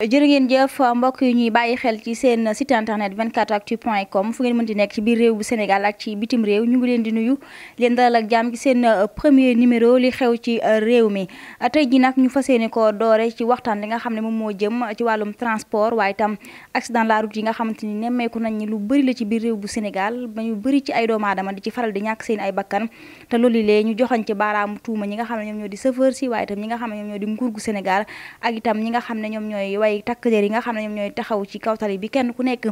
jërë ngeen jëf mbokk yi ñuy bàyyi xel ci seen site internet 24actu point com fu ngeen mën di nekk ci biir réew bu Sénégal ak ci bitim réew ñu ngi leen di nuyu leen dalal ak jàmm ci seen euh, premier numéro li xew ci euh, réew mi tey ji nag ñu fas yéene ko doore ci waxtaan li nga xam ne moom moo jëm ci wàllum transport waaye itam accident la route yi nga xamante ni nemmeeku nañ lu bëri la ci biir réew bu Sénégal ba ñu bëri ci ay doomu aadama di ci faral di ñàkk seen ay bakkan te loolu lee ñu joxañ ci baaraamu tuuma ñi nga xam ne ñoom ñoo di chauffeur si waaye itam ñi nga xam ne ñoom ñoo di nguur gu Sénégal ak itam ñi nga xam ne ñoom ñooy ay takk der yi nga xam ne ñoom ñooy taxaw ci kaw tali bi kenn ku nekk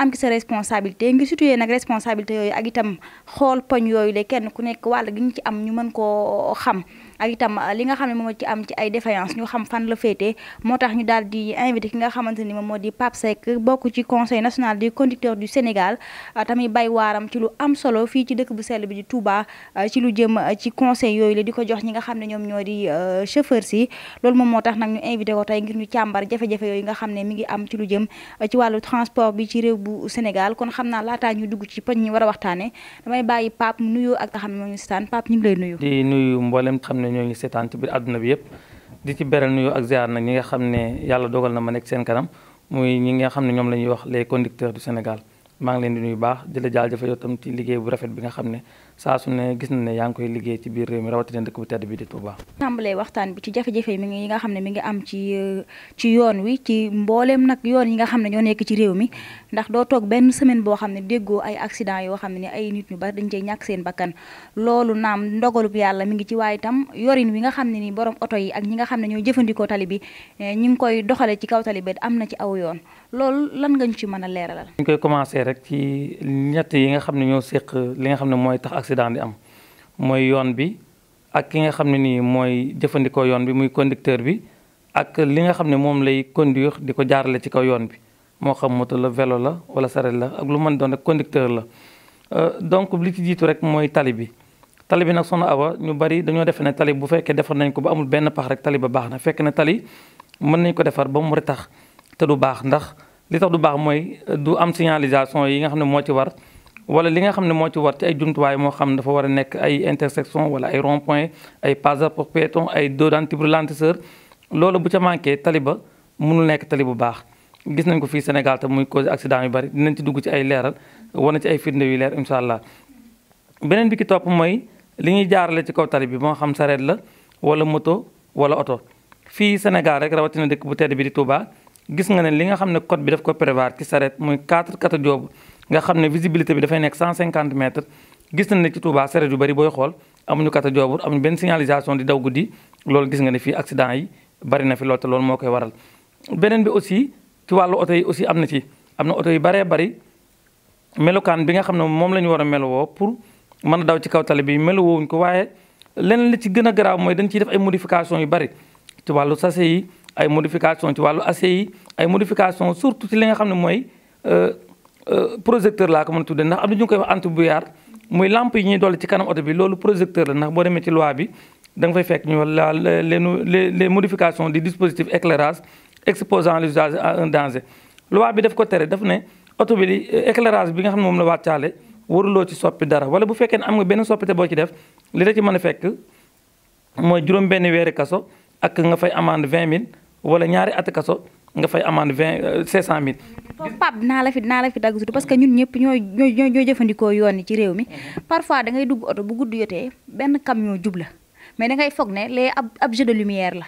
am ci sa responsabilité ngi situé nag responsabilité yooyu ak itam xool poñ yooyu de kenn ku nekk wàll gi ñu ci am ñu mën koo xam ak itam ah, li nga xam ne moo ci am ci ay défaillance ñu xam fan la féetee moo tax ñu daal di invité ki nga xamante ni moom moo di Pape Seck bokk ci conseil national des conducteurs du Sénégal ah, tamit bay waaram ci lu am solo fii ci dëkk bu sell bi di Touba ah, ci lu jëm ci conseil yooyu la di ko jox ñi nga xam ne ñoom ñoo di chauffeur si loolu moom moo tax nag ñu invité ko tey ngir ñu càmbar jafe-jafe yooyu nga xam ne mi ngi am ci lu jëm ci wàllu transport bi ci réew bu Sénégal kon xam naa laataa ñu dugg ci poñ ñi war a waxtaane damay bàyyi Pape nuyoo ak xam ne moo ñu staan Pape ñu ngi lay nuyu ne ñoo ngi seetaan ci biir àdduna bi yëpp di ci beral nuyoo ak ziar nag ñi nga xam ne yàlla dogal na ma nekk seen kanam muy ñi nga xam ne ñoom la ñuy wax les conducteurs du Sénégal maa ngi leen di nuyu baax di la jaajëfal yow tam ci liggéey bu rafet bi nga xam ne saa su ne gis na ne yaa ngi koy liggéey ci biir réew mi rawatina dëkk bu tedd bi di Touba. tàmbalee waxtaan bi ci jafe-jafe yi nga xam ne euh, yoon wi ci mbooleem nag yoon yi nga xam ne ñoo nekk ci réew mi ndax doo toog benn semaine boo xam ne déggoo ay accident yoo xam ne ay nit ñu bari dañ cey ñàkk seen bakkan loolu naam ndogalub yàlla mu ngi ci waaye tam yorin wi nga xam ne ni borom oto yi ak ñi nga xam ne ñoo jëfandikoo tali bi eh, ñi ngi koy doxale ci kaw tali bi am na ci aw yoon loolu lan nga ci mën a leeralal. ñu koy commencé rek ci yi nga xam ne ñoo séq li nga xam ne mooy tax accident di am mooy yoon bi ak ki nga xam ne nii mooy jëfandikoo yoon bi muy conducteur bi ak li nga xam ne moom lay conduire di ko jaarale ci kaw yoon bi moo xam moto la velo la wala saret la ak lu mën doon rek conducteur la euh, donc li ci jiitu rek mooy tali bi tali bi nag soxna Awa ñu bari dañoo defe ne tali bu fekkee defar nañ ko ba amul benn pax rek tali ba baax na fekk ne tali mën nañ ko defar ba mu retax te du baax ndax li tax du baax mooy du am signalisation yi nga xam ne moo ci war wala li nga xam ne moo ci war ci ay jumtuwaay moo xam dafa war a nekk ay intersection wala ay rond point ay passage pour piéton ay dos d'antibrillantisseur loolu bu ca manqué tali ba mënul nekk tali bu baax gis nañ ko fii Sénégal te muy cause accident yu bari dinañ ci dugg ci ay leeral wana ci ay firnde yu leer incha allah beneen bi ki topp mooy li ñuy jaarale ci kaw tali bi moo xam sareet la wala moto wala oto fii Sénégal rek rawatina dëkk bu tedd bi di Touba gis nga ne li nga xam ne code bi daf ko prévoir ci sareet muy 4 kata joobu nga xam ne visibilité bi dafay nekk 150 mètres gis nañ ne ci Touba sareet yu bari booy xool amuñu kata joobur amuñu benn signalisation di daw guddi loolu gis nga ne fi accident yi bari na fi lool te loolu moo koy waral. beneen bi aussi ci wàllu oto yi aussi am na ci am na oto yu baree bari melokaan bi nga xam ne moom la ñu war a melowoo pour mën a daw ci kaw tali bi meluwoowuñ ko waaye leneen li ci gën a garaaw mooy dañ ciy def ay modification yu bari ci wàllu sachet yi ay modification ci wàllu acier yi ay modification surtout ci li nga xam ne mooy. Euh, Euh, projecteur laa ko mën a tuddee ndax am na ñu koy wax antibrouillard muy lampe yi ñuy dolli ci kanam oto bi loolu projecteur la ndax boo demee ci loi bi da nga fay fekk ñu la le les modifications du dispositif éclairage exposan l'usager à un danger. loi bi daf ko tere daf ne oto bi di euh, éclairage bi nga xam ne moom la wàccaale waruloo ci soppi dara wala bu fekkee ne am nga benn soppite boo ci def li la ci mën a fekk mooy juróom benn weeri kaso ak nga fay amende vingt mille wala ñaari at kaso nga fay amende vingt euh, cinq cent mille. Pape dinaa la fi dinaa la fi parce que ñun ñëpp ñooy ñooy ñooy jëfandikoo yoon yi ci réew mi mhm. parfois da ngay dugg oto bu gudd yotee benn camion jub la da ngay foog ne lumière la.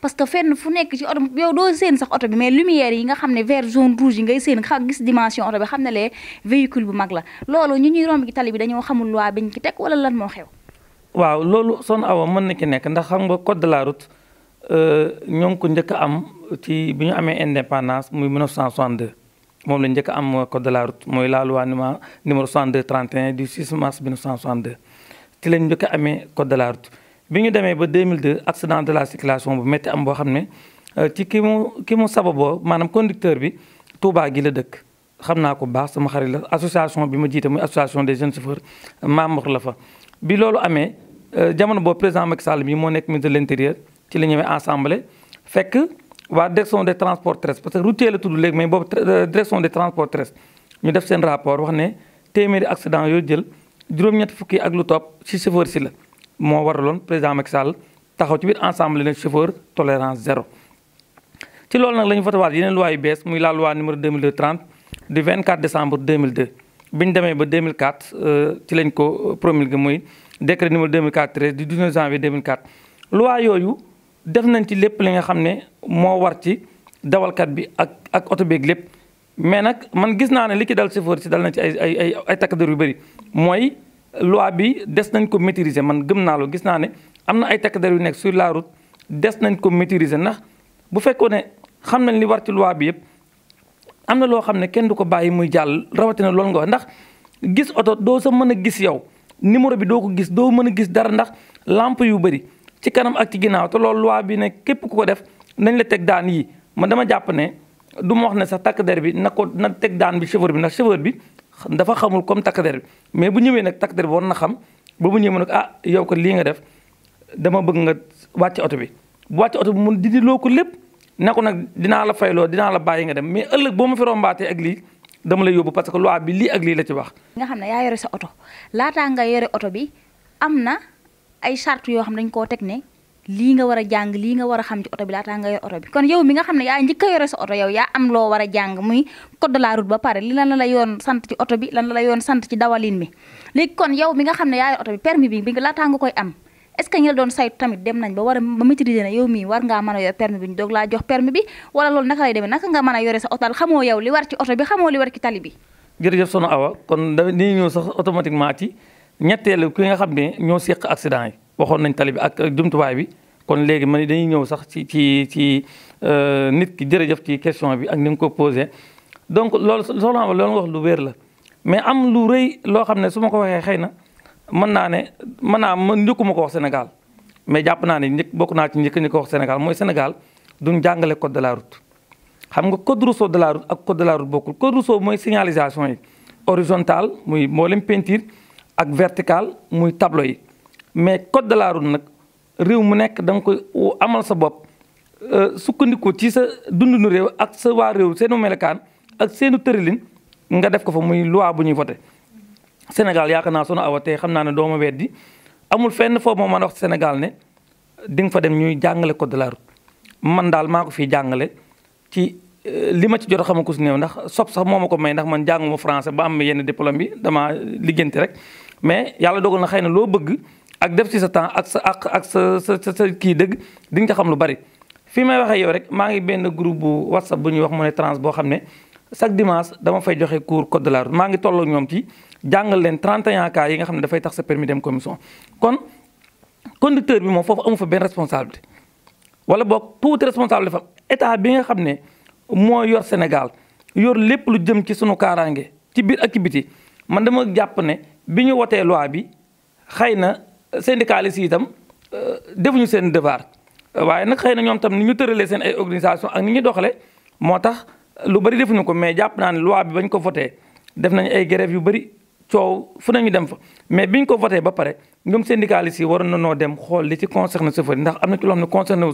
parce que fenn fu nekk ci oto yow doo seen sax oto bi mais yi nga xam ne vert zone rouge yi ngay gis dimension oto bi xam ne lee véhicule bu mag la loolu ñu ñuy romb ci tali bi dañoo xamul loi biñ ci teg wala lan moo xew. waaw loolu son awa mën na ci nekk ndax xam nga code de la route. Euh, ñoo ngi ko njëkk a am ci bi ñu amee indépendance muy 1962 moom la njëkk am code de la route mooy la loi numéro 62 31 du 6 mars 1962 ci lañ njëkk a amee code de la route. bi ñu demee ba mill 2002 accident de la circulation bu metti am boo xam ne euh, ci ki mu ki mu sababoo maanaam conducteur bi Touba gi la dëkk xam naa ko baax sama xarit la association bi mu jiite muy association des jeunes chauffeurs membre la fa. bi loolu amee euh, jamono boobu président Macky Sall bi moo nekk ministre de ci la ñëwee assemblée fekk waa direction des transports terrestres parce que routier la tudd léegi mais boobu euh, direction des transports terrestres ñu def seen rapport wax ne téeméeri accident yooyu jël juróom-ñetti fukki ak lu topp ci chauffeur si la moo waraloon président ma Sall taxaw ci biir assemblée ne chauffeur tolérance zéro. ci loolu nag la ñu votewaat yeneen loi bees muy la loi numéro 2002-30 du 24 décembre 2002 bi ñu demee ba 2004 euh, ci lañ ko promulgué muy décret numéro 2004-13 du 19 def nañ ci lépp li nga xam ne moo war ci dawalkat bi ak ak oto beeg lépp mais nag man gis naa ne li ci dal chauffeur si dal nañ ci ay ay ay takk der yu bëri mooy loi bi des nañ ko maîtriser man gëm naa loo gis naa ne am na ay takk der yu nekk sur la route des nañ ko maîtriser ndax bu fekkoon ne xam nañ li war ci loi bi yëpp am na loo xam ne kenn du ko bàyyi muy jàll rawatina lool nga wax ndax gis oto doo sa mën a gis yow numéro bi doo ko gis doo mën a gis dara ndax lampe yu bëri. ci kanam ak ci ginnaaw te loolu loi bi ne képp ku ko def nañ la teg daan yi man dama jàpp ne du ma wax ne sax takk der bi na ko na teg daan bi chauffeur bi ndax chauffeur bi dafa xamul comme takk der bi mais bu ñëwee nag takk der bi war na xam ba bu ñëwee nag ah yow ko lii nga def dama bëgg nga wàcc oto bi bu wàcc bi mun dindi loo ko lépp ne ko nag dinaa la fayloo dinaa la bàyyi nga dem mais ëllëg boo ma fi rombaatee ak lii dama lay yóbbu parce que loi bi lii ak lii la ci wax. nga xam ne yaa yore sa oto laataa nga yore oto bi am na ay charte yoo xam dañ koo teg ne lii nga war a jàng lii nga war a xam ci oto bi laataa nga yor oto bi kon yow mi nga xam ne yaa njëkk a oto yow yaa am loo war a jàng muy code de la route la la sant ci oto bi lan la la yoon sant ci dawalin bi kon yow mi nga xam ne yaa yor oto bi permis bi bi laataa nga koy am est-ce que ñi la doon saytu tamit dem nañ ba war a ba maîtriser na yow mii war ngaa mën a yor permis bi ñu doog laa jox permis bi wala loolu naka lay demee naka nga mën a yore sa oto xamoo yow li war ci oto bi xamoo li war ci tali bi jërëjëf sono awa kon dañuy ñëw sax automatiquement ci ñetteelu ki nga xam ne ñoo seq accident yi waxoon nañ tali bi ak jumtuwaay bi kon léegi man dañuy ñëw sax ci ci ci euh, nit ki jërëjëf ci question bi ak ni nga ko posé donc loolu soxna loolu nga wax lu wér la mais am lu rëy loo xam ne su ko waxee xëy na mën naa ne mën naa man njëkkuma ko wax Sénégal mais jàpp naa ne njëkk bokk naa ci njëkk ñi ko wax Sénégal mooy Sénégal duñ jàngale code de la route xam nga code rousseau de la ak code de la route bokkul code mooy signalisation yi horizontale muy moo leen ak vertical muy tableau yi mais code de la route nag réew mu nekk danga nga koy amal sa bopp euh, sukkandiku ci sa dundunu réew ak sa waa réew seenu melekaan ak seenu tëralin nga def ko fa muy loi bu ñuy voté Sénégal yaakaar naa sunu awa tey xam naa ne dooma weddi amul fenn foo moo mën a wax Sénégal ne di nga fa dem ñuy jàngale code de la man daal maa ko fii jàngale ci euh, li ma ci jot xama xamaku si néew ndax sob sax moom ma ko may ndax man jànguma français ba am yenn diplôme damaa liggéeyante rek mais yàlla dogal na xëy na loo bëgg ak def ci sa temps ak sa ak ak sa sa sa kii dëgg di nga xam lu bari. fii may waxee yow rek maa ngi benn group bu whatsapp bu ñuy wax mu ne trans boo xam ne chaque dimanche dama fay joxe cours code de la route maa ngi tolloo ñoom ci jàngal leen 31 cas yi nga xam ne dafay tax sa permis dem commission kon conducteur bi moom foofu amu fa benn responsabilité wala book tuuti responsable fa état bi nga xam ne moo yor Sénégal yor lépp lu jëm ci sunu kaaraange ci biir activité man dama jàpp ne. bi ñu wotee loi bi xëy na syndicalistes yi itam euh, defuñu seen devoir waaye nag xëy na ñoom tam ni ñu tëralee seen ay organisation ak ni ñu doxalee moo tax lu bari defu ñu ko mais jàpp naa ne loi bi bañ ko voté def nañu ay grève yu bari coow fu nañu dem fa mais ñu ko voté ba pare ñoom syndicalistes yi waroon a noo dem xool li ci concerné chauffeur ndax am na ci loo xam ne concerné wu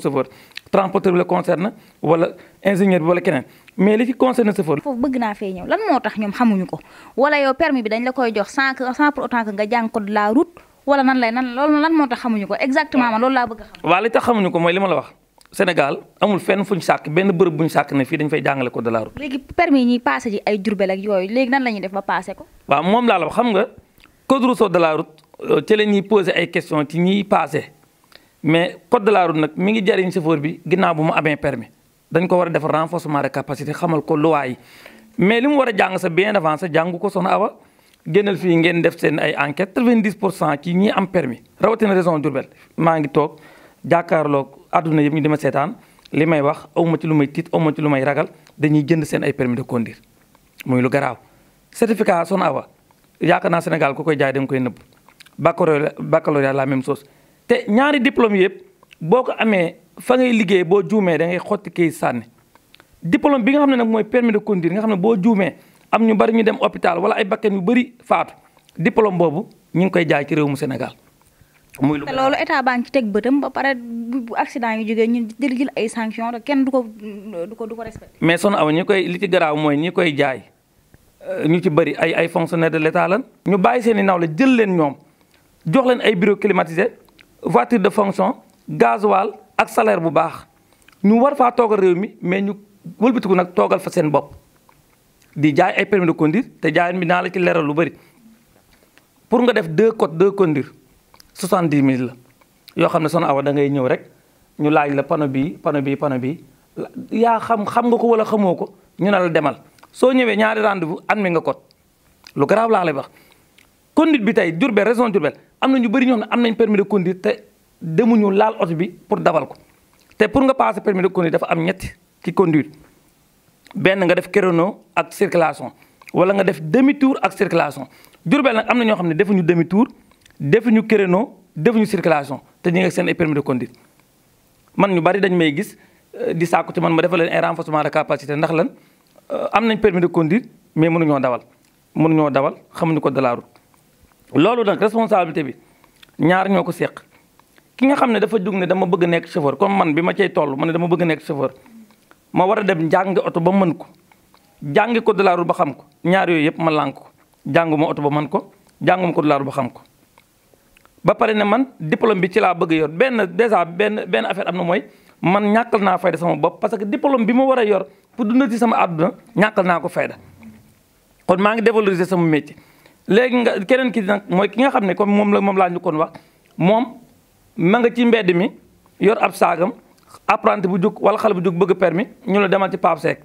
transporteur bi la concerne wala ingénieur bi wala keneen mais li ci concerne chauffeur. foofu bëgg naa fee ñëw lan moo tax ñoom xamuñu ko wala yow permis bi dañ la koy jox sans sans pour autant que nga jàng code la route wala nan lay nan loolu lan moo tax xamuñu ko exactement man loolu laa bëgg a xamuñu ko mooy li ma la wax Sénégal amul fenn fuñ sàkk benn bërëb buñ sàkk ne fii dañ fay jàngale code de la route. léegi permis ñi passé ji ay Diourbel ak yooyu léegi nan la def ba passé ko. waaw moom laa la xam nga code de la route euh, ci la ñuy posé ay question ci ñiy passé mais code de la route nag mi ngi jariñ chauffeur bi ginnaaw bu mu amee permi dañ ko war a def renforcement de capacité xamal ko lu yi mais li mu war a jàng sa bien avant sa jàngu ko soxna Awa génnal fii ngeen def seen ay enquête 90 pour cent ci ñi am permis rawatina région Diourbel maa ngi toog jàkkaarloog àdduna yëpp ñu dima seetaan li may wax awma ci lu may tiit awma ci lu may ragal dañuy jënd seen ay permis de conduire muy lu garaaw certificat soxna Awa yaakaar naa Sénégal ku koy jaay da nga koy nëbb baccalauréat la même chose te ñaari diplôme yëpp boo ko amee fa ngay liggéey boo juumee da ngay xotti kii sànni diplôme bi nga xam ne nag mooy permis de conduire nga xam ne boo juumee am ñu bari ñu dem hôpital wala ay bakkan yu bëri faatu diplôme boobu ñu ngi koy jaay ci réew mu senegal muy lu loolu état baa ci teg bëtam ba pare bu accident yi jógee ñu jël jël ay sanctions kenn du ko du ko du ko respecté. mais son aw ñi koy li ci garaaw mooy ñi koy jaay euh, ñu ci bëri ay ay fonctionnaires de l' état ñu bàyyi seen i naw la jël leen ñoom jox leen ay bureau climatisé voiture de fonction gasoil ak salaire bu baax ñu war faa toogal réew mi mais ñu wëlbatiku nag toogal fa seen bopp di jaay ay permis de conduire te jaayoon mi naa la ci leeral lu bëri pour nga def deux codes deux conduire soixante dix mille la yoo xam ne son awa da ngay ñëw rek ñu laaj la panneau bii panneau bii pano bii yaa xam xam nga ko wala xamoo ko ñu ne la demal soo ñëwee ñaari rendez-vous mi nga code lu garaaw laa lay wax conduite bi tey Diourbel raison Diourbel am na ñu bëri ñoo xam ne am nañ permis de conduire te demuñu laal oto bi pour dawal ko te pour nga passé permis de conduire dafa am ñetti ci conduite benn nga def créneau ak circulation wala nga def demi tour ak circulation Diourbel nag am na ñoo xam ne defuñu demi tour defuñu créneau defuñu circulation te ñu ngi seen ay permis de conduire man ñu bari dañ may gis euh, di sàkku ci man ma defal leen ay renforcement de capacité ndax lan euh, am nañ permis de conduire mais mënuñoo dawal mënuñoo dawal xamuñu ko de loolu nag responsabilité bi ñaar ñoo ko seq ki nga xam ne dafa jug ne dama bëgg nekk chauffeur comme man bi ma cay toll ma ne dama bëgg nekk chauffeur ma war a dem jàng oto ba mën ko jàngi ko de la ba xam ko ñaar yooyu yëpp ma lànk ko jànguma oto ba mën ko jànguma ko de ba xam ko. ba pare ne man diplôme bi ci laa bëgg yor benn dèjà benn benn affaire am na mooy man ñàkkal naa fayda sama bopp parce que diplôme bi ma war a yor pour dundal ci sama àdduna ñàkkal naa ko fayda kon maa ngi dévaloriser sama métier. léegi nga keneen ki nag mooy ki nga xam ne comme moom la moom laa ñu kon wax moom ma nga ci mbedd mi yor ab saagam apprenti bu jóg wala xale bu jóg bëgg permis ñu la demal ci Pape Seck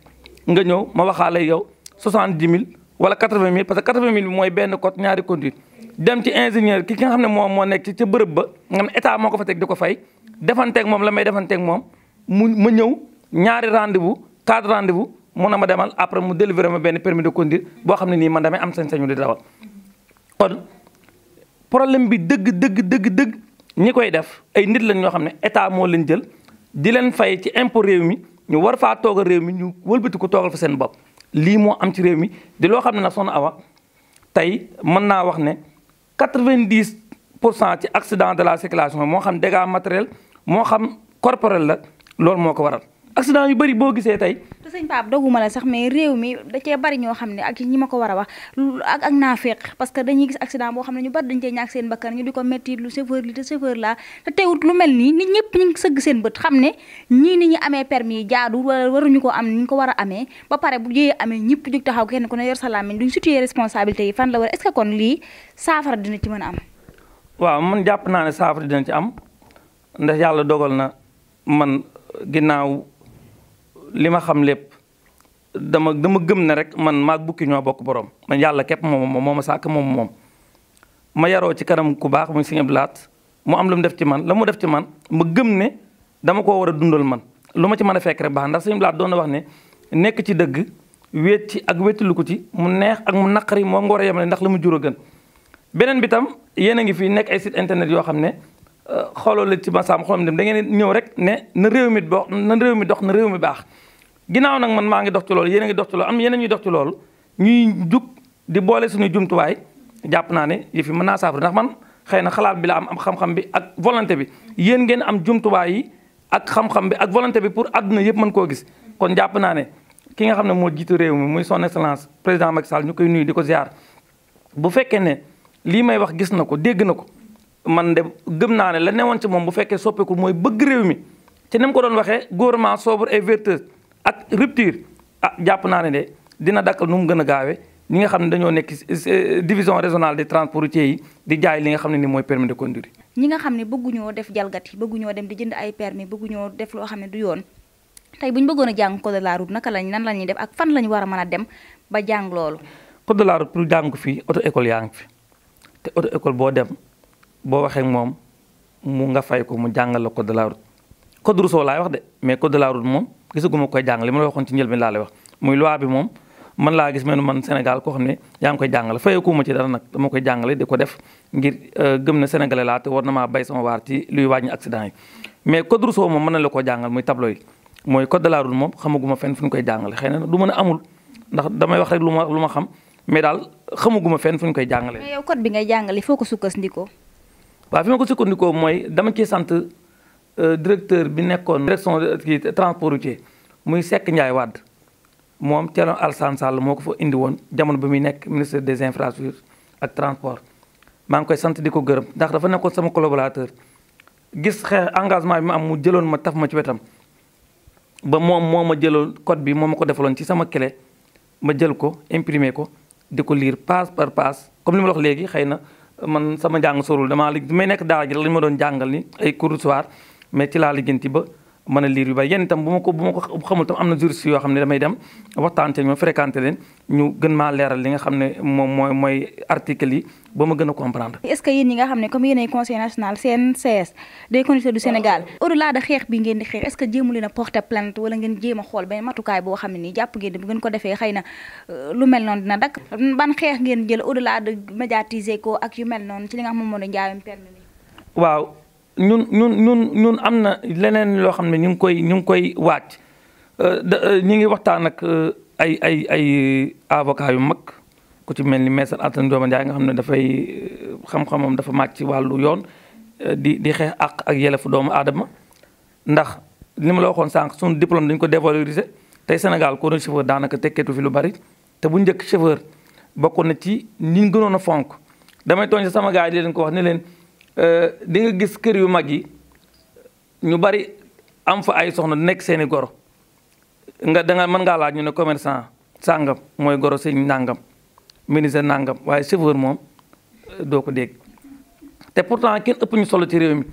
nga ñëw ma waxaale yow soixante-dix mille wala quatre-vingt mille parce que quatre-vingt mille bi mooy benn code ñaari conduite dem ci ingénieur ki nga xam ne moom moo nekk ci ca bërëb ba nga xam ne moo ko fa teg di ko fay defanteeg moom la may defanteeg moom mu ma ñëw ñaari rendez-vous quatre rendez-vous mun na ma demal après mu délivrer ma benn permis de conduire boo ne nii man damay am sañ-sañu di dawal kon problème bi dëgg dëgg dëgg dëgg ñi koy def ay nit lañ ñoo xam ne état moo leen jël di leen fay ci impôt réew mi ñu war faa toogal réew mi ñu wëlbati ko toogal fa seen bopp. lii moo am ci réew mi di loo xam ne na son Awa tey mën naa wax ne quatre-vingt-dix pour cent ci accident de la circulation moo xam dégâts matériels moo xam corporel la loolu moo ko waral. accident yu bëri boo gisee tey. te sëñ Pape doguma la sax mais réew mi da cee bari ñoo xam ne ak ñi ma ko war a wax ak ak naafeq parce que dañuy gis accident boo xam ne ñu bari dañ cee ñàkk seen bakkan ñu di ko métti lu chauffeur li te chauffeur la te teewut lu mel nii nit ñëpp ñu sëgg seen bët xam ne ñii ni ñu amee permis jaadu wala waruñu ko am ni ñu ko war a amee ba pare bu jëyee amee ñëpp jóg taxaw kenn ku ne yor salaam duñ situé responsabilité yi fan la war est-ce que dina ci mën am. waaw man jàpp naa ne saafara dina ci am ndax yàlla dogal na man ginnaaw li ma xam lépp dama dama gëm ne rek man maag bukki ñoo bokk boroom man yàlla képp moom moom moo ma sàkk moom moom. ma yaroo ci kanam ku baax muy Sëñ Abdou Lahat mu am lu mu def ci man la mu def ci man ma gëm ne dama koo war a dundal man lu ma ci mën a fekk rek baax ndax Sëñ Abdou doon na wax ne nekk ci dëgg wéet ci ak wéetalu ko ci mu neex ak mu naqari moom nga war a yemale ndax la mu jur a gën. beneen bi tam yéen a ngi fi nekk ay site internet yoo xam ne euh, xooloo la ci ma saam xoolal ñëw rek ne na réew mi dox na mi dox na réew mi baax. ginnaaw nag man maa ngi dox ci loolu yéen ngi dox ci loolu am yeneen ñuy dox ci ñuy jug di boole suñu jumtuwaay jàpp naa ne yëf fi mën naa saafara ndax man xëy na xalaat bi la am am xam-xam bi ak volonté bi yéen ngeen am jumtuwaay yi ak xam bi ak volonté bi pour àdduna yëpp mën koo gis kon jàpp naa ne ki nga xam ne moo jiitu réew mi muy son excellence président Macky Sall ñu koy nuyu di ko ziar bu fekkee ne lii may wax gis na ko dégg na ko man de gëm naa ne la woon ci moom bu fekkee soppeeku mooy bëgg réew mi ci ni ko doon waxee gouvernement sobre et vertueux ak rupture ah jàpp naa ne de dina dakkal nu mu gën a gaawee ñi nga xam ne dañoo nekk division régionale de transports routiers yi di jaay li nga xam ne ni mooy permis de conduire. ñi nga xam ne bëgguñoo def jalgati bëgguñoo dem di jënd ay permis bëgguñoo def loo xam ne du yoon tey bu ñu bëggoon a jàng code de naka lañ nan la ñuy def ak fan la ñu war a mën a dem ba jàng loolu. code de la route pour jàng ko fii auto école yaa ngi fi te oto école boo dem boo waxee moom mu nga fay ko mu jàngal la de la route laay wax de mais code de moom. gisaguma koy jàng li a la waxoon ci njëlbeen laa lay wax muy loi bi moom man laa gis mel man Sénégal koo xam ne yaa ngi koy jàngale fayeekuuma ci dara nag dama koy jàngale ko def ngir euh, gëm na la koo jàngal muy tableau yi mooy code la a amul ndax damay wax rek lu ma lu ma xam fu koy jàngale mais yow code bi ngay jàngale foo ko sukkandikoo waaw fi ma mooy dama ciy sant Euh, directeur bi nekkoon direction kii transport routier muy Seck Ndiaye Wade moom Thierno Alassane moo ko fa indi woon jamono bi muy nekk ministre des infrastructures ak transport maa ngi koy sant di ko gërëm ndax dafa nekkoon sama collaborateur gis xeex engagement bi ma am mu jëloon ma taf ma ci wetam ba moom moom ma jëloon code bi moom ma ko defaloon ci sama clé ma jël ko imprimer ko di ko liir passe par passe comme li ma la léegi xëy na man sama njàng sorul damaa li may nekk daara ji lañ ma doon jàngal ni ay cours mais ci laa liggéenti ba mën a liir yu bari yenn itam bu ma ko xamul tam am na juriste yoo xam ne damay dem waxtaan ak ñoom fréquenté leen ñu gën maa leeral li nga xam ne moo mooy mooy article yi ba ma gën a comprendre. est-ce que yéen ñi nga xam ne comme yéenay conseil national CNCS des bi ngeen di xeex est-ce que jéemu leen a porter plainte wala ngeen jéem a xool benn matukaay boo xam ne nii jàpp ngeen bu ngeen ko defee xëy na euh, lu mel noonu dina dakk ban xeex ngeen jël au-delà de ko ak yu mel noonu ci li nga xam moom moo doon jaayam ñun ñun ñun ñun am na leneen loo xam ne ñu ngi koy ñu ngi koy waaj euh, euh, ñu ngi waxtaan ak euh, ay ay ay avocat yu mag ku ci mel ni maître Antoine Diome Ndiaye nga xam ne dafay xam-xamam dafa màcc ci wàllu yoon di di xeex àq ak yelefu doomu aadama ndax li ma la waxoon sànq suñu diplôme dañ ko dévaloriser tey Sénégal ko doon chauffeur daanaka tekkeetu fi lu bari te bu njëkk chauffeur bokkoon na ci ñi gënoon a fonk damay tooñ sama gaa yi di leen ko wax ne leen. Euh, di gis kër yu mag yi ñu bari am fa ay soxna nekk seeni goro nga danga mën ngaa laaj ñu ne commerçant sàngam mooy goro sëñ nàngam ministre nàngam waaye chauffeur moom euh, doo ko dégg te pourtant kenn ëpp ñu solo ci réew mi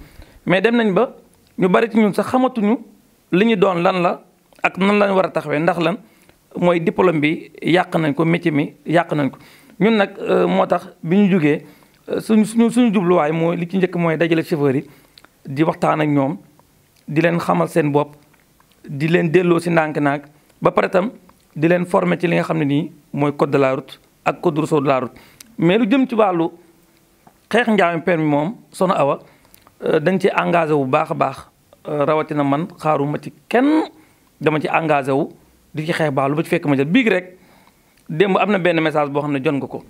mais dem nañ ba ñu bari ci ñun sax xamatuñu li ñu doon lan la ak nan lañ war a taxawee ndax lan mooy diplôme bi yàq nañ ko métier mi yàq nañ ko ñun nag euh, moo tax bi ñu jógee suñ suñu suñu jubluwaay mooy li ci njëkk mooy dajale chauffeur yi di waxtaan ak ñoom di leen xamal seen bopp di leen delloo si ndànk-ndànk ba pare tam di leen former ci li nga xam ne nii mooy code de la route ak code rousseau de la mais lu jëm ci wàllu xeex njaam permis moom Soxna Awa euh, dañ ci engagé wu baax a baax euh, rawatina man xaaruma ci kenn dama ci engagé wu di ci xeex baax lu ba ci fekk ma jël biig rek démb am na benn message boo xam ne jot nga ko.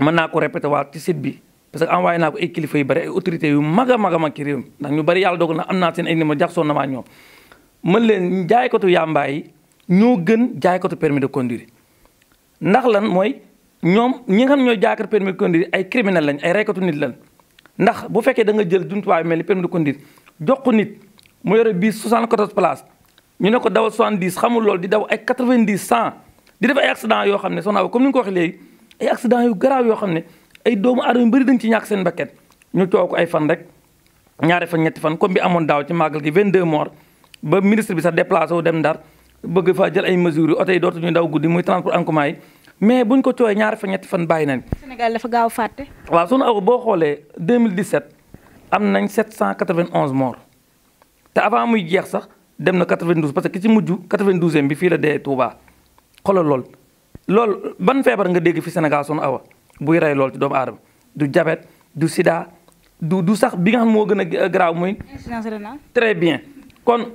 mën naa ko répété waat ci site bi parce que envoyé naa ko ay kilifa yu bëri ay autorités yu mag a mag a mag ci réew mi ndax ñu bëri yàlla dogal na am naa seen ay numéro jaxasoo na maa ñoom mën leen jaaykatu yàmbaay ñoo gën jaaykatu permis de conduire ndax lan mooy ñoom ñi nga xam ñooy jaaykatu permis de conduire ay criminel lañ ay reykatu nit lañ ndax bu fekkee da nga jël jumtuwaay mel ni permis de conduire jox ko nit mu yore biis 74 place ñu ne ko dawal 70 xamul loolu di daw ay 90 100 di yoo xam ne soxna comme ni nga ko waxee léegi ay accident yu garaaw yoo xam ne ay doomu aadama yu bëri dañ ci ñàkk seen bakkan ñu coow ko ay fan rek ñaare fan ñetti fan comme bi amoon daaw ci màggal gi 22 morts ba ministre bi sax déplacé wu dem Ndar bëgg faa jël ay mesures yu oto yi dootuñu daw guddi muy transport en yi mais buñ ko coowee ñaari fa ñetti fan bàyyi nañ. Sénégal dafa gaaw a fàtte. waaw sunu aw boo xoolee 2017 am nañ 791 morts te avant muy jeex sax dem na 92 parce que ki ci mujj 92e bi fii la dee Touba xoolal lool. loolu ban feebar nga dégg fi Sénégal sunu awa buy rey loolu ci doomu aadama du jabet du sida du du sax bi nga xam moo gën a euh, garaaw muy. insuffisance rénale très bien kon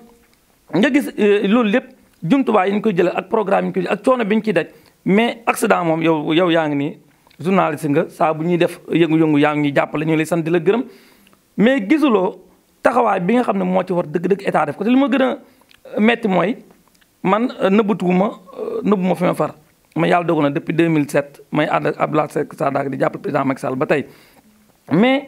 nga gis euh, loolu lépp jumtuwaay yi ñu koy jëlee ak programme yi ñu koy jëlee ak coono bi ñu ciy daj mais accident moom yow yow yaa ngi nii journaliste nga saa bu ñuy def yëngu-yëngu yaa ngi ñuy jàppale ñu ngi lay sant di la gërëm mais gisuloo taxawaay bi nga xam ne moo ci war dëgg-dëgg état def ko te li ma gën a metti mooy man euh, nëbbatuwuma nëbbuma fi ma far. ma yàlla dogal na depuis 2007 may ànd ak Abdoulaye Seck Sadaak di jàppale président Macky Sall ba tey mais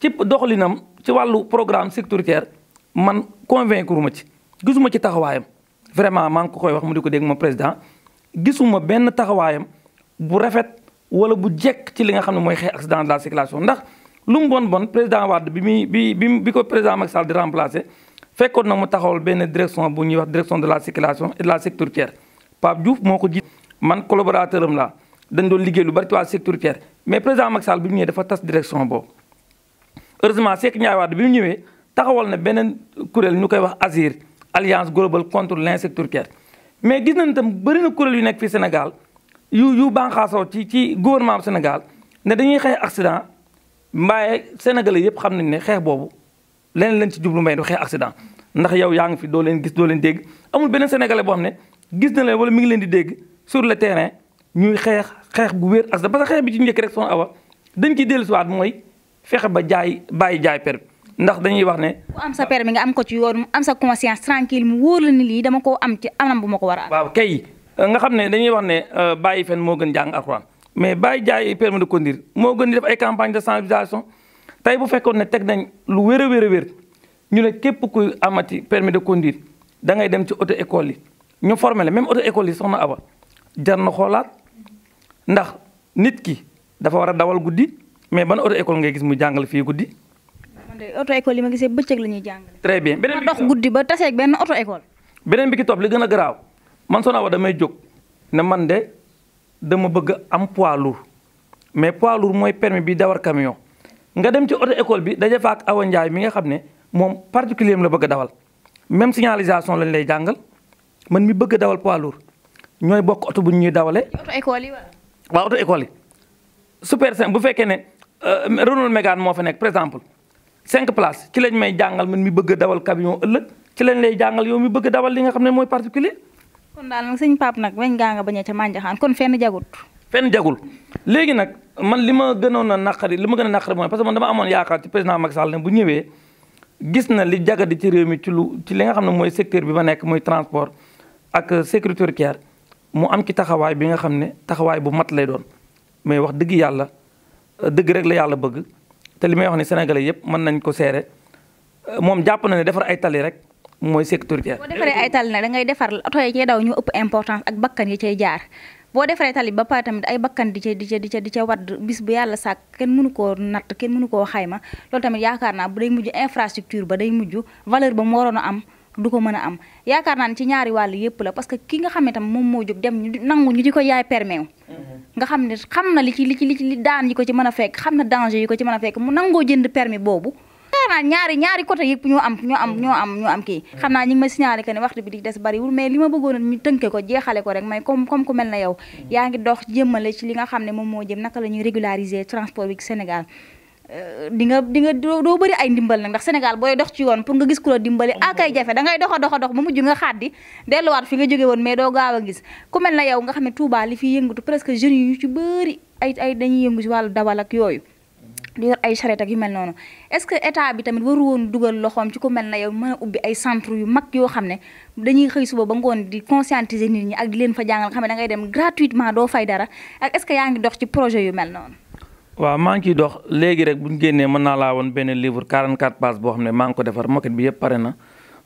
ci doxalinam ci wàllu programme sécuritaire man convaincre ma ci gisuma ci taxawaayam vraiment maa ngi ko koy wax mu di ko dégg ma président gisuma benn taxawaayam bu rafet wala bu jekk ci li nga xam ne mooy xeex accident de la circulation ndax lu mu bon bon président Wade bi muy bi bi bi ko président Macky Sall di remplacer fekkoon na mu taxawal benn direction bu ñuy wax direction de la circulation et la sécurité routière Pape ko jiite man collaborateur am la dañ doo liggéey lu bari ci wàllu sécuritaire mais présent Macky Sall bi mu ñëwee dafa tas direction boobu heureusement Seck Ndiaye Wade bi mu ñëwee taxawal na beneen kuréel ñu koy wax ASIR alliance globale contre l'insécurité mais gis nañ tam bëri na kuréel yu nekk fii senegal yu yu banqaasoo ci ci gouvernement bu Sénégal ne dañuy xeex accident mbaaye sénégalais yëpp xam nañ ne xeex boobu leneen leen ci jublu mbay du xeex accident ndax yow yaa ngi fi doo leen gis doo leen dégg amul beneen sénégalais boo xam ne gis na leen wala mi ngi leen di dégg sur le terrain ñuy xeex xeex bu wér asda parce que xeex bi ci njëkk rek soxna Awa dañ ciy dellusiwaat mooy fexe ba jaay bàyyi jaay permis ndax dañuy wax ne. ku am sa permis nga am ko ci yoon am sa conscience tranquille mu lii dama koo am ci anam bu ma ko war a. waaw kay nga xam ne dañuy wax ne euh, bàyyi fen moo gën jàng alxuraan mais bàyyi jaay permis de conduire moo gën di ay campagne de sensibilisation tey bu fekkoon ne teg nañ lu wér a wér a wér ñu ne képp kuy amati permis de conduire da ngay dem ci auto école yi ñu formé la même auto école yi soxna Awa. jar na xoolaat ndax nit ki dafa war a dawal guddi mais ban auto école ngay gis mu jàngale fii guddi. man de auto école yi ma gisee bëccëg la ñuy jàngale. très bien beneen bi guddi ba taseeg benn auto école. beneen bi ki topp li gën a garaaw man soo naaw damay jóg ne man de dama bëgg am poids lourd mais poids lourd mooy permis bi dawar camion nga dem ci auto école bi daje fa ak Awa Ndiaye mi nga xam ne moom particulier la bëgg a dawal même signalisation lañ lay jàngal man mi bëgg dawal poids lourd ñooy bokk oto bu ñuy dawale. oto école yi wala. waaw oto super simple bu fekkee ne euh, Renault Mégane moo fa nekk par exemple cinq places ci lañ may jàngal man mi bëgg a dawal camion ëllëg ci leen lay jàngal yow mi bëgg a dawal li nga xam ne mooy particulier. kon daal nag sëñ Pape nag weñ gaa bañ a ca mànjaxaan kon fenn jagut. fenn jagul léegi nag man li ma gënoon a naqari li ma gën a naqari mooy parce que man dama amoon yaakaar ci président Macky Sall ne bu ñëwee gis na li jagadi ci réew mi ci lu ci li nga xam ne mooy secteur bi ma nekk mooy transport ak sécurité routière mu am ci taxawaay bi nga xam ne taxawaay bu mat lay doon mais wax dëgg yàlla dëgg rek la yàlla bëgg te li may wax ne sénégalais yëpp mën nañ ko seere moom jàpp na ne defar ay tali rek mooy sécurité. boo defaree da ngay defar oto ëpp importance ak bakkan yi cay jaar boo defaree tali ba pare tamit ay bakkan di ca di ca di ca di ca wadd bis bu yàlla sàkk kenn mënu koo natt kenn mënu koo ma loolu tamit yaakaar naa bu day mujj infrastructure ba day mujj valeur ba mu waroon a am. du ko mën a am yaakaar naa ne ci ñaari wàll yëpp la parce que kii nga xam ne tam moom moo jóg dem ñu nangu ñu di ko yaay permew mm-hmm. nga xam ne xam na li ci li ci li daan yi ko ci mën a fekk xam na danger yi ko ci mën a fekk mu nangoo jënd permis boobu yaakaar naa ñaari ñaari côté yëpp ñoo am ñu mm-hmm. am ñoo am ñoo kii xam naa ñi ngi ma signalé que ne waxtu bi di des bariwul mais li ma bëggoon ñu tënke ko jeexale ko rek may comme comme ku mel na yow mm-hmm. yaa ngi dox jëmale ci li nga xam ne moom moo jëm naka la ñuy régulariser transport bi Sénégal Eh, di nga di nga doo bëri ay ndimbal nag ndax Sénégal booy dox ci yoon pour nga gis ku la dimbali ah kay jafe da ngay dox a dox a dox ba mujj nga xàddi delluwaat fi nga jóge woon mais doo gaaw a gis ku na yow nga xam ne Touba li fi yëngatu presque jeunes yi ñu ci bëri ay ay dañuy ak yooyu di yor ay charrette ak yu mel noonu est-ce que état bi tamit waru woon dugal loxoom ci ku mel na yow mën a ubbi ay centre yu mag yoo xam ne dañuy xëy suba ba ngoon di conscientiser nit ñi ak di leen fa jàngal nga xam ne da ngay dem gratuitement doo fay dara ak est-ce que yaa ngi dox ci projet yu mel noonu waaw maa ngi dox léegi rek bu ñu génnee mën naa laa woon benn livre 44 pages boo xam ne maa ngi ko defar maquette bi yëpp pare na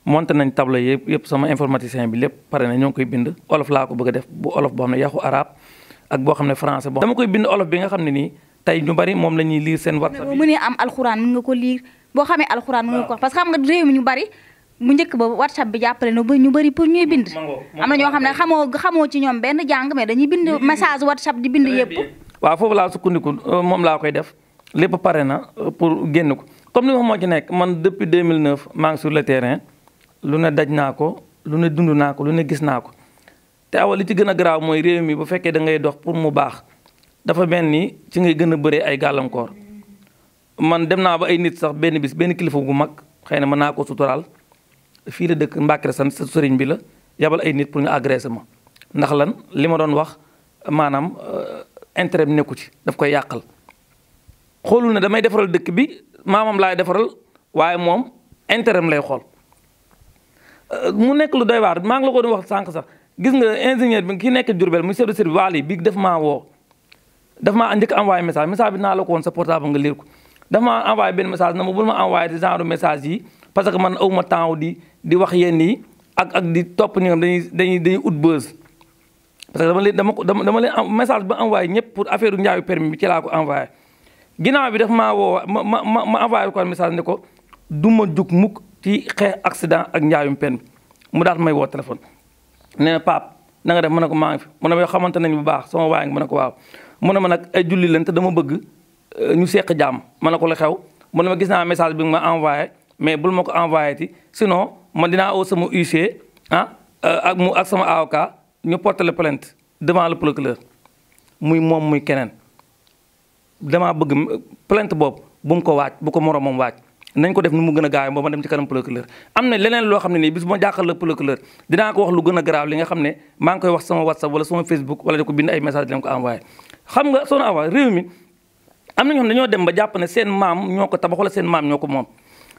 monté nañ tableau yëpp sama informaticien bi lépp pare na ñoo koy bind olof laa ko bëgg a def bu olof boo xam ne xam ne français boo koy bind olof bi nga xam ne nii tey ñu bari moom la ñuy liir seen whatsapp am alxuraan nga ko liir boo xamee alxuraan mën nga que xam nga ñu bari bu njëkk ba whatsapp bi jàppale na ba ñu bëri pour ñuy bind am na ñoo xam ne xamoo xamoo ci ñoom benn jàng mais dañuy bind message whatsapp di bind yëpp waaw foofu laa sukkandiku euh, moom laa koy def lépp pare na euh, pour génn ko comme li ma moo ci nekk man depuis 2009 maa ngi sur le terrain lu ne daj naa ko lu ne dund naa ko lu ne gis naa ko te awa li ci gën a garaaw mooy réew mi bu fekkee da ngay dox pour mu baax dafa mel ni ci ngay gën a bëree ay gàllankoor man dem naa ba ay nit sax benn bis benn kilifa gu mag xëy na mën naa ko suturaal fii la dëkk Mbacke sant sa sëriñ bi la yabal ay nit pour ñu agressé ma ndax lan li ma doon wax maanaam euh, intérêt bi nekku ci daf koy yàqal xoolul ne damay defaral dëkk bi maamam laay defaral waaye moom intérêt lay xool euh, mu nekk lu doy waar maa ngi la ko doon sànq sax gis nga ingénieur bi ki nekk Diourbel mu chef de service waal bi daf maa woo daf maa njëkk envoyé message message bi naa la ko woon sa portable nga lire ko daf maa envoyé benn message na ma bul ma envoyé genre message yi parce que man awma temps di di wax yenn yi ak ak di topp ñoom dañuy dañuy dañuy ut parce que dama leen dama dama dama leen message ba envoyé ñëpp pour affaire njaayu permis bi ci ko envoyé ginnaaw bi daf ma ma ma ma envoyé ko message ne ko du ma jug mukk ci xeex ak njaayum permis mu daal may woo téléphone. nee na Pape na nga ko maa ngi fi mu xamante nañ bu baax sama waay ngi mën na ko waaw mu ne ma nag ay julli dama bëgg euh, ñu seq jàmm mën na ko la xew mu ne ma gis naa message bi nga ma envoyé mais bul ma ko envoyé ti sinon man dinaa woo sama huissier ah, euh, ak mu sama avocat. ñu porté la plainte devant le muy moom muy keneen damaa bëgg plainte boobu bu mu ko waaj bu ko moroomam waaj nañ ko def nu mu gën a gaawee ba ma dem ci kanam procureur am na leneen loo xam ne nii bis ma jàkkaar la procureur dinaa ko wax lu gën a garaaw li nga xam ne maa ngi koy wax sama whatsapp wala sama facebook wala di ko bind ay message di leen ko envoyé xam nga soo envoyé réew mi am na ñoo dem ba jàpp ne seen maam ñoo ko tabax seen maam ñoo ko moom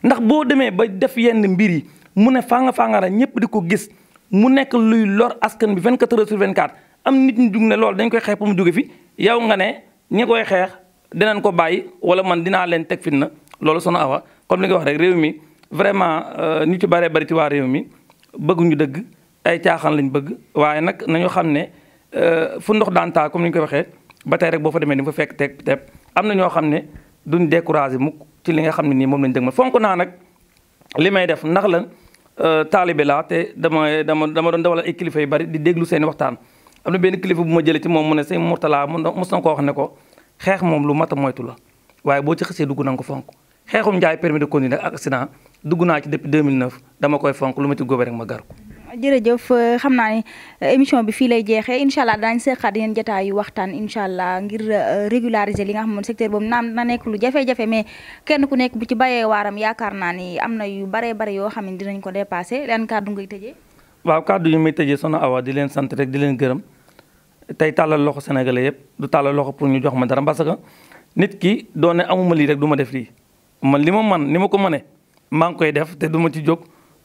ndax boo demee ba def yenn mbir yi mu ne fanga fangara ñëpp di ko gis mu nekk luy lor askan bi 24 heures sur 24 am nit ñu jug ne loolu dañ koy xeex pour mu jóge fi yow nga ne ñi koy xeex dinañ ko bàyyi wala man dinaa leen teg fitna loolu Soxna Awa comme li nga wax rek réew mi vraiment euh, ñu ci bëree bëri ci waa réew mi bëgguñu dëgg ay caaxaan lañ bëgg waaye nag nañu xam ne euh, fu ndox daan taa comme ni ñu koy waxee ba tey rek boo fa demee ni mu fa fekk teg teg am na ñoo xam ne duñ découragé mukk ci li nga xam ne nii moom lañ dëgg ma fonk naa nag li may def ndax lan. Euh, taalibe laa te dama dama dama doon dawal ay kilifa yu bari di déglu seen waxtaan am na benn kilifa bu ma jëlee ci moom mu ne sëñ Mourtala mos na ko wax ne ko xeex moom lu mat a moytu la waaye boo ci xasee dugg na ko fonk xeexum njaay permis de conduire ak accident dugg naa ci depuis 2009 dama koy fonk lu ma ci góobee rek ma gar ko jërëjëf euh, xam naa ne euh, émission bi fii lay jeexee incha allah daañu seqaat yeneen jotaayu waxtaan incha allah ngir euh, régulariser li nga xam ne secteur boobu naan na nekk lu jafe-jafe mais kenn ku nekk bu ci bayee waaram yaakaar naa ni am na yu baree bare yoo xam ne dinañ ko dépassé lan kàddu ngay tëjee. waaw kàddu yu may tëjee soxna Awa di leen sant rek di leen gërëm tey tàllal loxo Sénégalais yëpp du tàllal loxo pour ñu jox ma dara parce que nit ki doone amuma lii rek du ma def lii man li ma man ni ma ko mënee maa ngi koy def te du ma ci jóg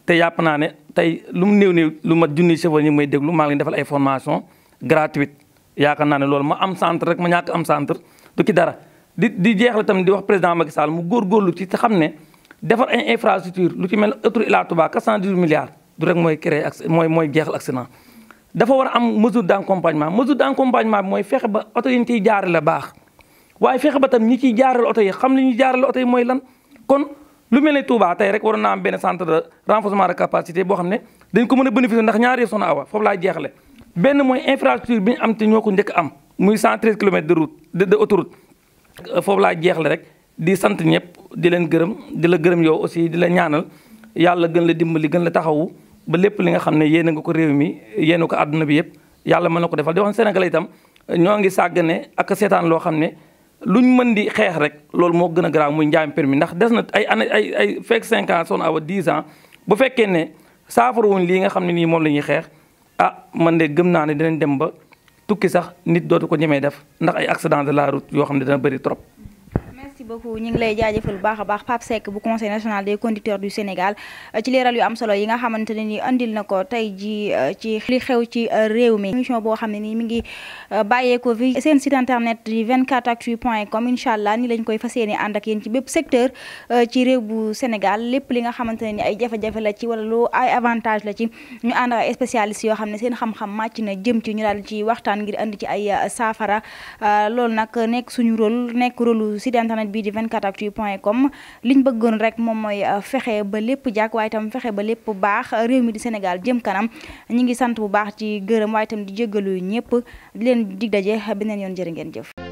te yàpp naa ne tey lu mu néew néew lu ma junni chauffeur ñi mooy déglu maa ngi defal ay formation gratuite yaakaar naa ne loolu ma am centre rek ma ñàkk am centre du ci dara di di jeexal tamit di wax président Macky Sall mu góorgóorlu ci te xam ne defar ay infrastructure lu ci mel autoroute Ila Touba 418 milliards du rek mooy créer ak mooy mooy jeexal accident dafa war am mesure d' accompagnement mesure mooy fexe ba oto yi ñu ciy jaarale baax waaye fexe ba tam ñi ciy jaarale oto yi xam li ñuy jaarale yi mooy lan kon lu mel ne Touba tey rek waroon naa am benn centre de renforcement de capacité boo xam ne dañ ko mën a bénéficier ndax ñaari yëf soxna Awa foofu laay jeexle benn mooy infrastructure bi ñu am te ñoo ko njëkk am muy 113 kilomètres de route de de autoroute euh, foofu laay jeexle rek di sant ñëpp di leen gërëm di la gërëm yow aussi di la ñaanal yàlla gën la dimbali gën la taxawu ba lépp li nga xam ne yéen a nga ko réew mi yéen ko àdduna bi yëpp yàlla mën na ko defal di wax itam ñoo ngi sàggane ak seetaan loo xam ne luñ mën di xeex rek loolu moo gën a garaaw muy njaayam permis ndax des na ay année ay ay fekk 5 ans son awa 10 bu fekkee ne saafara wuñ lii nga xam ne nii moom la ñuy xeex ah man de gëm naa ne dinañ dem ba tukki sax nit dootu ko ñemee def ndax ay accident de la route yoo xam ne dana bëri trop. beaucoup ñu ngi lay jaajëfal bu baax a baax Pape Seck bu conseil national des conducteurs du Sénégal ci leeral yu am solo yi nga xamante ni andil na ko tey ji ci li xew ci euh, réew mi émission boo xam ne nii mi ngi euh, bàyyeekoo fi seen site internet di 24actu point com incha allah ni lañ koy fas yéene ànd ak yéen ci bépp secteur euh, ci réew bu Sénégal lépp li nga xamante ne ni ay jafe-jafe la ci wala lu ay avantage la ci ñu ànd a ay yoo xam ne seen xam-xam màcc na jëm ci ñu daal ci waxtaan ngir andi ci ay saafara loolu nag nekk suñu rôle bii di 24actu point com liñ bëggoon rek moom mooy euh, fexe ba lépp jàkk waaye itam fexe ba lépp baax euh, réew mi di Sénégal jëm kanam ñi ngi sant bu baax ci gërëm waaye itam di jéggalu ñëpp di leen dig daje beneen yoon jërë jëf